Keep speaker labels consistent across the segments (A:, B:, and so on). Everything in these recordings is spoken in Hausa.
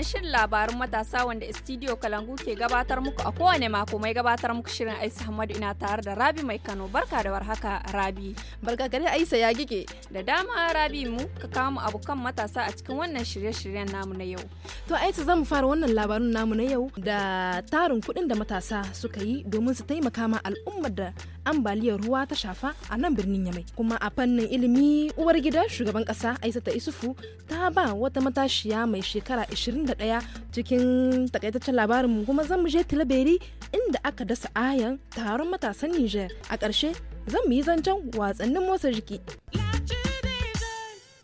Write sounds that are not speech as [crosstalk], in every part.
A: sauraron shirin labarun matasa wanda studio Kalangu ke gabatar muku a kowane mako mai gabatar muku shirin aisa Hamadu ina tare da Rabi mai Kano barka da warhaka Rabi. Barka aisa ya gige. Da dama Rabi mu ka kama mu abokan matasa a cikin wannan shirye-shiryen namu na yau.
B: To aisa zamu fara wannan labarun namu na yau da tarin kuɗin da matasa suka yi domin su taimaka ma al'ummar da ambaliyar ruwa ta shafa a nan birnin Yamai. Kuma a fannin ilimi uwar gida shugaban kasa aisa ta Isufu ta ba wata matashiya mai shekara 20 ɗaya cikin takaitaccen labarin mu kuma zan mu je Tilaberi inda aka dasa ayan taron matasan Niger. A ƙarshe zan mu yi zancen wasannin motsa jiki.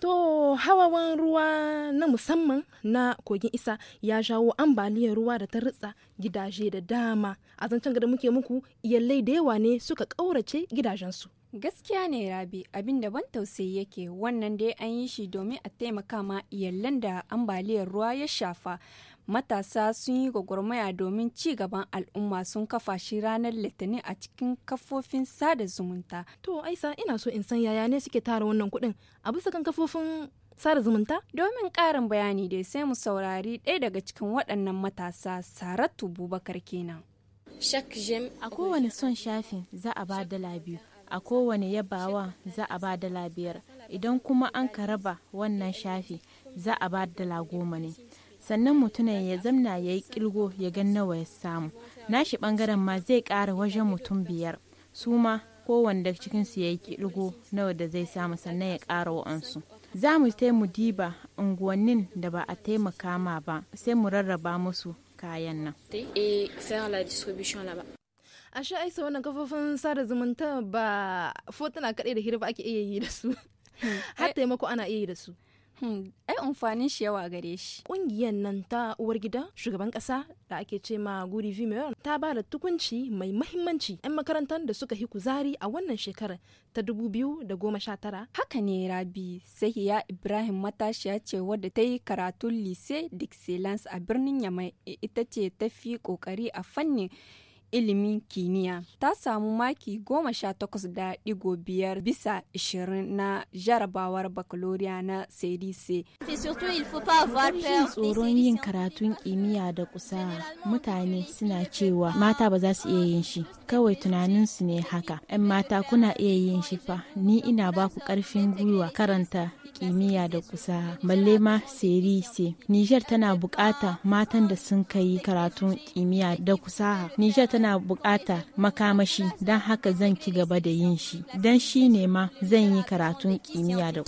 B: To hawawan ruwa na musamman na kogin isa ya jawo ambaliyar ruwa da ta ritsa gidaje da dama. A zancen gada muke muku iyalai da yawa ne suka ƙaurace gidajensu. Gaskiya ne Rabi abin
A: da ban tausayi yake wannan dai an yi shi domin a taimaka ma iyalan da ambaliyar ruwa ya shafa. Matasa sun yi gwagwarmaya domin ci gaban al'umma sun kafa shi ranar Litinin a cikin kafofin sada zumunta. To Aisa ina so in san yaya ne suke tara wannan kuɗin a bisa kan kafofin sada zumunta? Domin ƙarin bayani dai sai mu saurari ɗaya daga cikin waɗannan matasa Saratu Bubakar kenan.
C: A kowane son shafin za a ba dala biyu. a kowane yabawa za a ba dala biyar idan kuma an ka raba wannan shafi za a ba dala goma ne sannan mutumin ya zamna ya yi kilgo ya gan nawa ya samu nashi bangaren ma zai ƙara wajen mutum biyar su ma kowanne cikinsu ya yi kilgo nawa da zai samu sannan ya ƙara wa'ansu za mu sai mu diba unguwannin da ba a taimaka ma ba sai mu rarraba musu kayan nan. Eh,
B: a sha aisa wannan kafofin sada zumunta ba fotuna kaɗai da hira ba ake iya yi da su hmm. [laughs] har taimako ana iya yi da su hmm. ai amfanin shi yawa gare shi ƙungiyar nan ta uwar gida shugaban ƙasa da ake ce ma guri vimeo ta ba da tukunci mai mahimmanci 'yan makarantar da suka yi kuzari a wannan shekarar ta goma 2019 haka ne rabi sahiya ibrahim matashiya ce wadda ta yi karatun lise
A: d'excellence a birnin yamai e, ita ce ta fi kokari a fannin ilimin kimiyya ta samu maki goma sha takwas da digo biyar bisa ishirin na jarabawar bakaloriya na sedise. tsoron
C: yin karatun kimiyya da kusa mutane suna cewa mata ba za su iya yin shi kawai tunanin su ne haka. 'Yan mata kuna iya yin shi fa ni ina ba ku karfin gwiwa karanta kimiyya da kusa balle ma serise. Nijar tana bukata matan da sun kai karatun kimiyya da kusaha. Nijar tana yana bukata makamashi don haka zan ki gaba da yin shi don shi ne ma zan yi karatun kimiyya da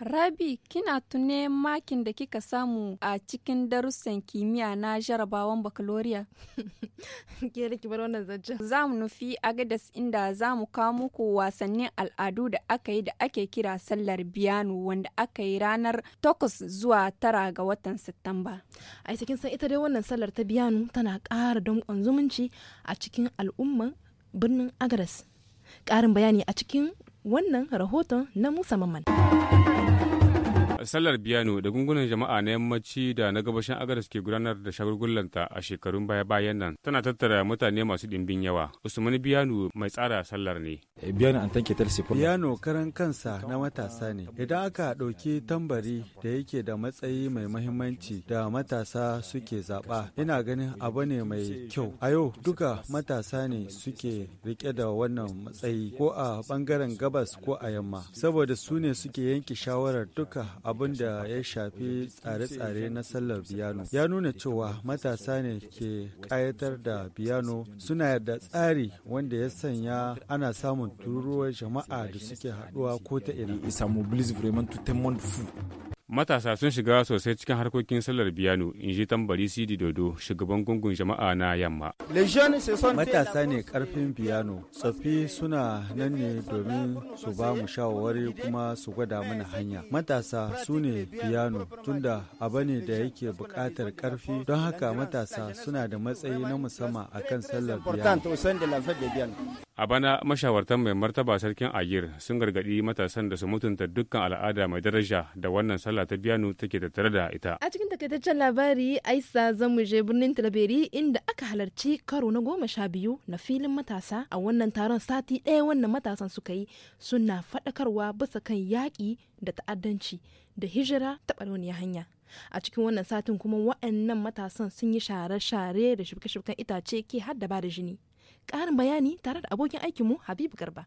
A: rabi kina tune makin da kika samu a cikin darussan kimiyya na jarabawan bakaloriya [laughs] za mu nufi agadas inda za mu kawo muku wasannin al'adu da aka yi da ake kira sallar biyano wanda aka yi ranar 8 zuwa 9 ga watan satamba
B: a cikin san ita dai wannan sallar ta biyano tana ƙara danƙon zumunci a cikin al'umman birnin agres ƙarin bayani a cikin wannan rahoton na musamman.
D: sallar biyano da gungunan jama'a na yammaci da na gabashin agadas ke gudanar da shagulgullanta a shekarun baya-bayan nan tana tattara mutane masu dimbin yawa usman biyano mai tsara sallar ne eh,
E: biyano an tanke biyano karan kansa na matasa ne idan aka ɗauki tambari da yake da matsayi mai mahimmanci da matasa suke zaɓa ina ganin abu ne mai kyau a yau duka matasa ne suke rike da wannan matsayi ko a ɓangaren gabas ko a yamma saboda su ne suke yanke shawarar duka abu abin da ya shafi tsare-tsare na sallar biyano ya nuna cewa matasa ne ke kayatar da biyano suna yarda tsari wanda ya sanya ana samun tururuwar jama'a da suke haduwa ko ta ina.
D: Matasa sun shiga sosai cikin harkokin sallar biyano, in ji tambari Sidi Dodo, shugaban gungun jama'a na yamma. Matasa
E: ne karfin biyano, tsoffi suna nan ne domin su ba mu shawarwari kuma su gwada mana hanya. Matasa su ne biyano, tunda abu ne da yake bukatar karfi, don haka matasa suna da matsayi na musamman akan sallar
B: biyano.
D: A bana mashawartan mai martaba sarkin agir sun gargaɗi matasan da su mutunta dukkan al'ada mai daraja da wannan sallah ta biyanu take tattare da ita.
B: A cikin takaitaccen labari Aisa zamuje birnin Talaberi inda aka halarci karo na goma sha biyu na filin matasa a wannan taron sati ɗaya wannan matasan suka yi suna faɗakarwa bisa kan yaƙi da ta'addanci da hijira ta ɓarauniya hanya. a cikin wannan satin kuma wa'annan matasan sun yi share-share da shirke-shirken itace ke haddaba da jini ƙarin bayani tare da abokin aikinmu Habibu Garba.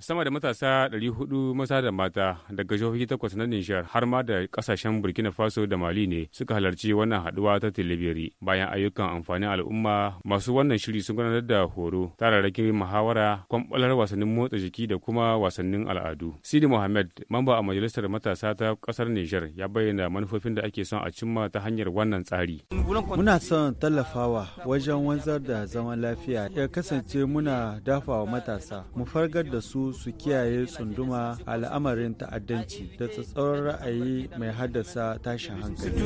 D: Sama da matasa 400 maza da mata daga jihohi takwas na Nijar har ma da kasashen Burkina Faso da Mali ne suka halarci wannan haduwa ta Tilibiri. Bayan ayyukan amfanin al'umma masu wannan shiri sun gudanar da horo, tararrakin muhawara, kwamɓalar wasannin motsa jiki da kuma wasannin al'adu. Sidi Mohammed, mamba a majalisar matasa ta kasar Nijar, ya bayyana manufofin da ake son a cimma ta hanyar wannan tsari.
E: Muna son tallafawa wajen wanzar da zaman lafiya ya kasance muna dafawa matasa mu fargar da su su kiyaye tsunduma al'amarin ta'addanci da tsatsauran ra'ayi mai haddasa tashin hankali.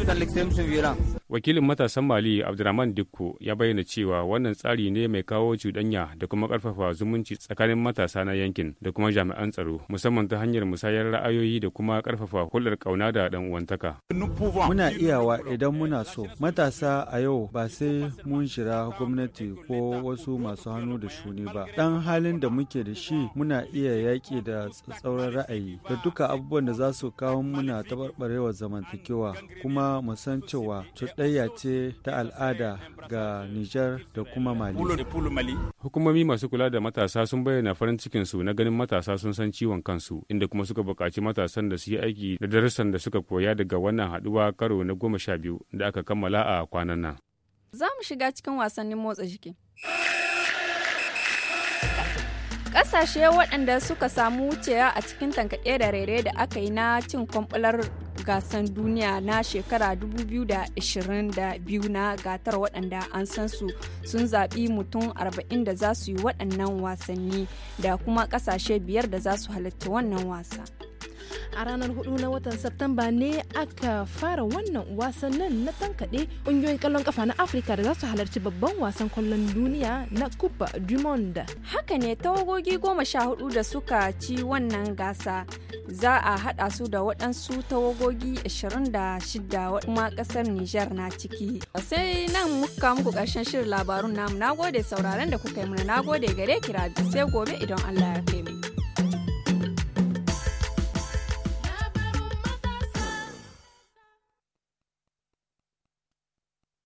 D: Wakilin matasan Mali Abdurrahman Dikko ya bayyana cewa wannan tsari ne mai kawo cuɗanya da kuma ƙarfafa zumunci tsakanin matasa na yankin da kuma jami'an tsaro musamman ta hanyar musayar ra'ayoyi da kuma ƙarfafa hulɗar ƙauna da ɗan uwantaka. Muna
E: iyawa idan muna so matasa a yau ba sai mun shira gwamnati ko wasu masu hannu da shuni ba. dan halin da muke da shi muna iya yaƙi da tsauran ra'ayi da duka abubuwan da za su kawo muna taɓarɓarewa zamantakewa kuma mu cewa cuɗayya ce ta al'ada ga Nijar da kuma Mali.
D: Hukumomi masu kula da matasa sun bayyana farin cikin su na ganin matasa sun san ciwon kansu inda kuma suka buƙaci matasan da su yi aiki da darussan da suka koya daga wannan haɗuwa karo na goma sha biyu da aka kammala a kwanan nan.
A: Za mu shiga cikin wasannin motsa jiki. Ƙasashe waɗanda suka samu wucewa a cikin tankaɗe da rere da aka yi na cin kwamfular gasan duniya na shekara 2022 na gatar waɗanda an san su sun zaɓi mutum 40 da za su yi waɗannan wasanni da kuma ƙasashe biyar
B: da za su halatta wannan wasa. a ranar hudu na watan Septamba ne aka fara wannan wasannin na tankaɗe ƙungiyoyin kallon kafa na Afirka da za su halarci babban wasan kwallon duniya na Coupe du Monde. Haka
A: ne tawagogi goma sha hudu da suka ci wannan gasa za a haɗa su da waɗansu tawagogi 26 kuma ƙasar Nijar na ciki. Sai nan muka muku ƙarshen shirin labarun namu nagode sauraron da kuka yi mana nagode gare kira sai gobe idan Allah ya kai.